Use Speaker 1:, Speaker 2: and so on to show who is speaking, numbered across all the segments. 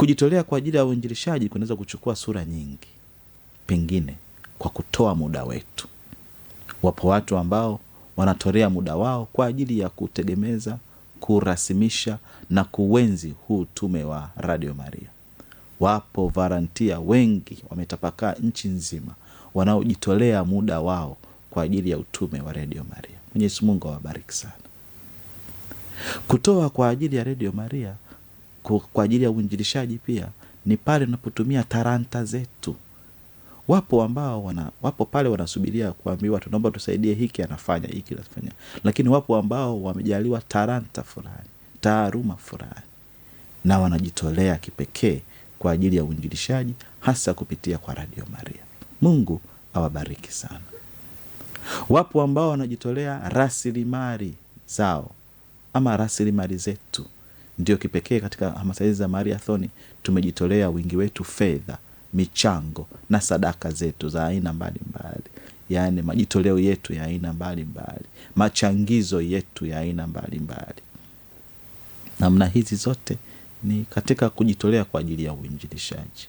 Speaker 1: Kujitolea kwa ajili ya uinjilishaji kunaweza kuchukua sura nyingi, pengine kwa kutoa muda wetu. Wapo watu ambao wanatolea muda wao kwa ajili ya kutegemeza, kurasimisha na kuwenzi huu tume wa Radio Maria. Wapo varantia wengi wametapakaa nchi nzima wanaojitolea muda wao kwa ajili ya utume wa redio Maria. Mwenyezi Mungu awabariki sana. Kutoa kwa ajili ya redio Maria kwa ajili ya uinjilishaji pia ni pale unapotumia taranta zetu. Wapo ambao wana, wapo pale wanasubiria kuambiwa tunaomba tusaidie, hiki anafanya hiki anafanya, lakini wapo ambao wamejaliwa taranta fulani, taaruma fulani, na wanajitolea kipekee kwa ajili ya uinjilishaji, hasa kupitia kwa Radio Maria. Mungu awabariki sana. Wapo ambao wanajitolea rasilimali zao ama rasilimali zetu ndio kipekee katika hamasa hizi za mariathoni tumejitolea wingi wetu fedha, michango na sadaka zetu za aina mbalimbali, yaani majitoleo yetu ya aina mbalimbali, machangizo yetu ya aina mbalimbali. Namna hizi zote ni katika kujitolea kwa ajili ya uinjilishaji,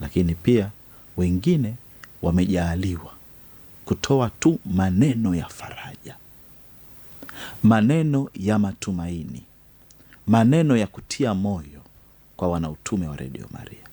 Speaker 1: lakini pia wengine wamejaaliwa kutoa tu maneno ya faraja, maneno ya matumaini maneno ya kutia moyo kwa wanautume wa Redio Maria.